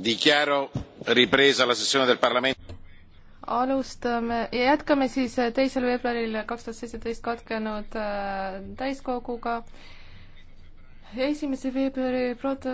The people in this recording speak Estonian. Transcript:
dichiaro ripresa la sessione del parlamento alustame ja jätkame siis eh, teisel veebruaril kaks tuhat seitseteist katkenud eh, täiskoguga esimese veebruari proto-